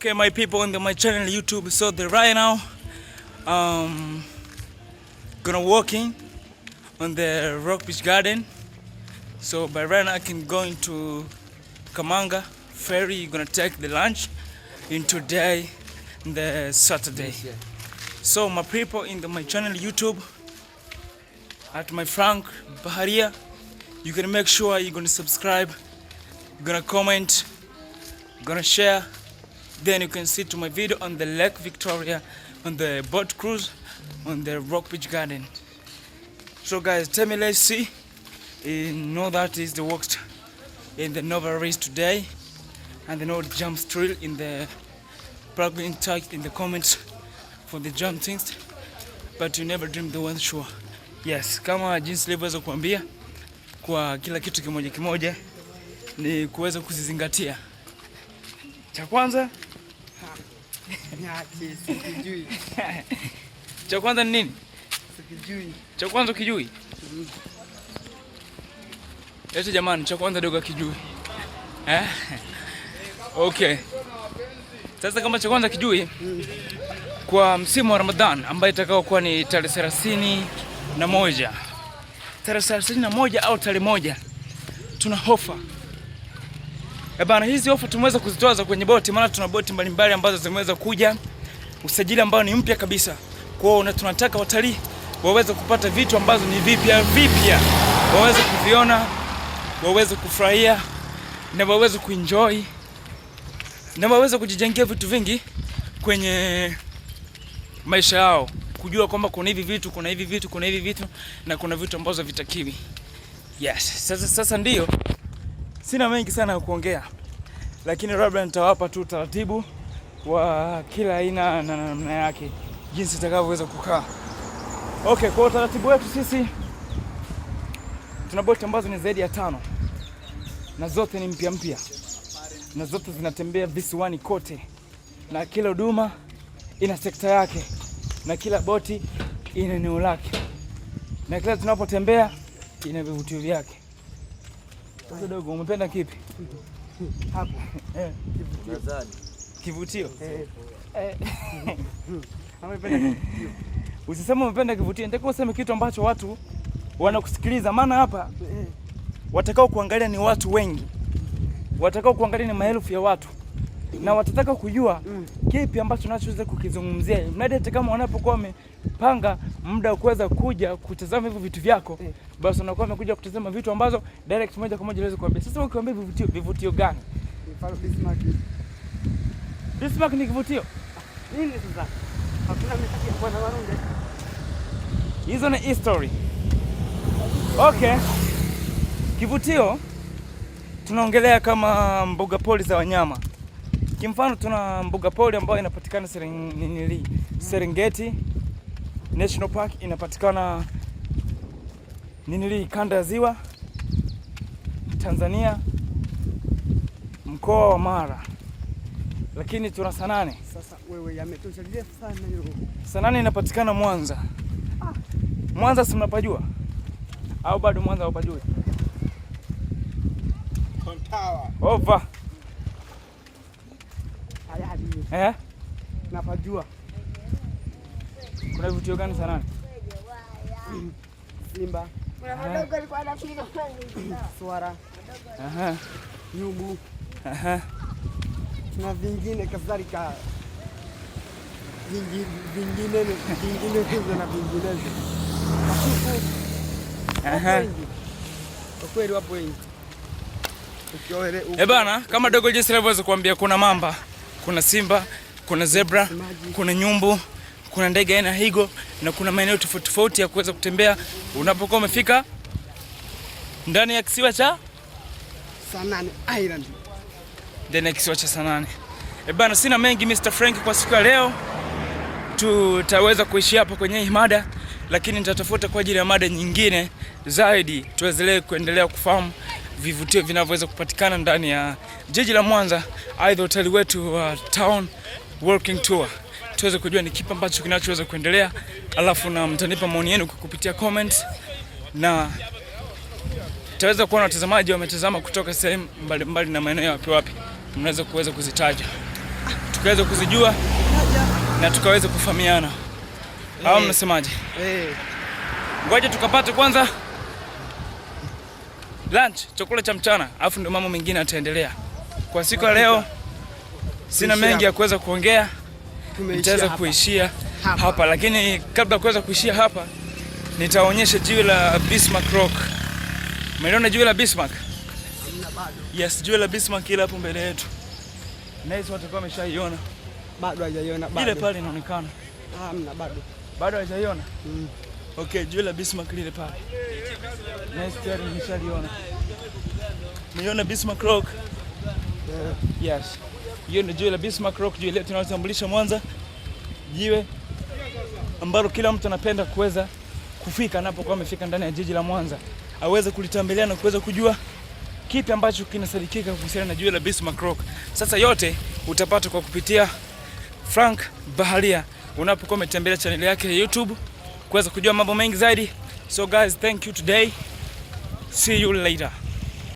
Okay, my people on the, my channel YouTube. So the right now, um, gonna walking on the Rock Beach Garden. So by right now, I can go into Kamanga ferry. Gonna take the lunch in today, the Saturday. So my people in the, my channel YouTube, at my Frank Baharia, you gonna make sure you're gonna subscribe, you're gonna comment, you're gonna share. Then you can see to my video on the Lake Victoria, on the boat cruise, on the Rock Beach Garden. So guys, tell me, let's see. You know that is the works in the Nova race today, and the North jump thrill in the probably in touch in the comments for the jump things, but you never dream the one sure. Yes, kama jinsi nilivyoweza kuambia kwa kila kitu kimoja kimoja ni kuweza kuzizingatia. Cha kwanza cha kwanza ni nini? Sikijui. Cha kwanza kijui? Eti jamani, cha kwanza dogo kijui. Eh? Okay. Sasa kama cha kwanza kijui kwa msimu wa Ramadhan ambaye itakao kuwa ni tarehe thelathini na moja tarehe thelathini na moja au tarehe moja tuna hofa E bana, hizi ofa tumeweza kuzitoa za kwenye boti, maana tuna boti mbalimbali ambazo zimeweza kuja usajili ambao ni mpya kabisa. Kwa hiyo tunataka watalii waweze kupata vitu ambazo ni vipya vipya, waweze kuviona, waweze kufurahia na waweze kuenjoy na waweze kujijengea vitu vingi kwenye maisha yao, kujua kwamba kuna hivi vitu, kuna hivi vitu, kuna hivi vitu na kuna vitu ambazo vitakiwi. Yes, sasa, sasa ndio Sina mengi sana ya kuongea, lakini labda nitawapa tu utaratibu wa kila aina na namna yake, jinsi itakavyoweza kukaa. Okay, kwa utaratibu wetu sisi tuna boti ambazo ni zaidi ya tano na zote ni mpya mpya na zote zinatembea visiwani kote, na kila huduma ina sekta yake na kila boti ina eneo lake, na kila tunapotembea ina vivutio vyake. Dogo, umependa kipi hapo? Eh, kivutio usisema eh, eh. umependa kivutio, nitakuwa useme kitu ambacho watu wanakusikiliza, maana hapa watakao kuangalia ni watu wengi, watakao kuangalia ni maelfu ya watu na watataka kujua mm. kipi ambacho tunachoweza kukizungumzia, mradi hata kama wanapokuwa wamepanga muda wa kuweza kuja kutazama hivyo vitu vyako mm. basi wanakuwa wamekuja kutazama vitu ambazo direct moja kwa moja unaweza kuambia. Sasa ukiwaambia vivutio, vivutio gani? Mfano Bismarck. Bismarck ni kivutio nini? Sasa hakuna msikiti kwa na hizo ni history. Okay, kivutio tunaongelea kama mbuga pori za wanyama Kimfano, tuna mbuga pori ambayo inapatikana Serengeti National Park, inapatikana ninili kanda ya ziwa Tanzania, mkoa wa Mara, lakini tuna Sanane. Sasa wewe yametosha sana hiyo. Sanane inapatikana Mwanza. Ah. Mwanza si mnapajua au bado? Mwanza Kontawa. Over. Eh? Napajua. Kuna vivutio gani sana Simba. Swara. Aha. Nyumbu. Aha. Na vingine kadhalika. Vingine vingine vingine na vinginezo. Aha. Kwa kweli wapo wengi. Eh, bana kama Dogo jinsi alivyoweza kuambia kuna mamba kuna simba, kuna zebra, kuna nyumbu, kuna ndege aina higo na kuna maeneo tofauti tofauti ya kuweza kutembea unapokuwa umefika ndani ya kisiwa cha Sanani Island. Ndani ya kisiwa cha Sanani. E eh bana sina mengi Mr. Frank kwa siku ya leo. Tutaweza kuishi hapo kwenye hii mada, lakini nitatafuta kwa ajili ya mada nyingine zaidi tuwezelee kuendelea kufahamu vivutio vinavyoweza kupatikana ndani ya jiji la Mwanza, aidha hoteli wetu wa uh, town walking tour, tuweze kujua ni kipi ambacho kinachoweza kuendelea, alafu na mtanipa maoni yenu kupitia comment na taweza kuona watazamaji wametazama kutoka sehemu mbalimbali na maeneo yapi wapi, mnaweza kuweza kuzitaja tukaweza kuzijua na tukaweza kufahamiana, au eh. mnasemaje? Eh. Ngoja tukapate kwanza lunch, chakula cha mchana, alafu ndio mambo mengine ataendelea. Kwa siku ya leo sina mengi ya kuweza kuongea, nitaweza kuishia hapa, hapa. Lakini kabla ya kuweza kuishia hapa nitaonyesha jiwe la Bismarck Rock. Umeona jiwe la Bismarck? Yes, jiwe la Bismarck ile hapo mbele yetu. Nice, watu kwa wameshaiona. Bado hajaiona bado. Ile pale inaonekana. Hamna bado. Bado hajaiona? Mm. Okay, jiwe la Bismarck lile pale. Next year nishaliona. Niona Bismarck Rock. Eh, yes. Hiyo ni jiwe la Bismarck Rock, jiwe letu linalotambulisha Mwanza. Jiwe ambalo kila mtu anapenda kuweza kufika anapokuwa amefika ndani ya jiji la Mwanza. Aweze kulitembelea na kuweza kujua kipi ambacho kinasadikika kuhusiana na jiwe la Bismarck Rock. Sasa yote utapata kwa kupitia Frank Baharia unapokuwa umetembelea chaneli yake ya YouTube kuweza kujua mambo mengi zaidi. So guys, thank you today. See you later.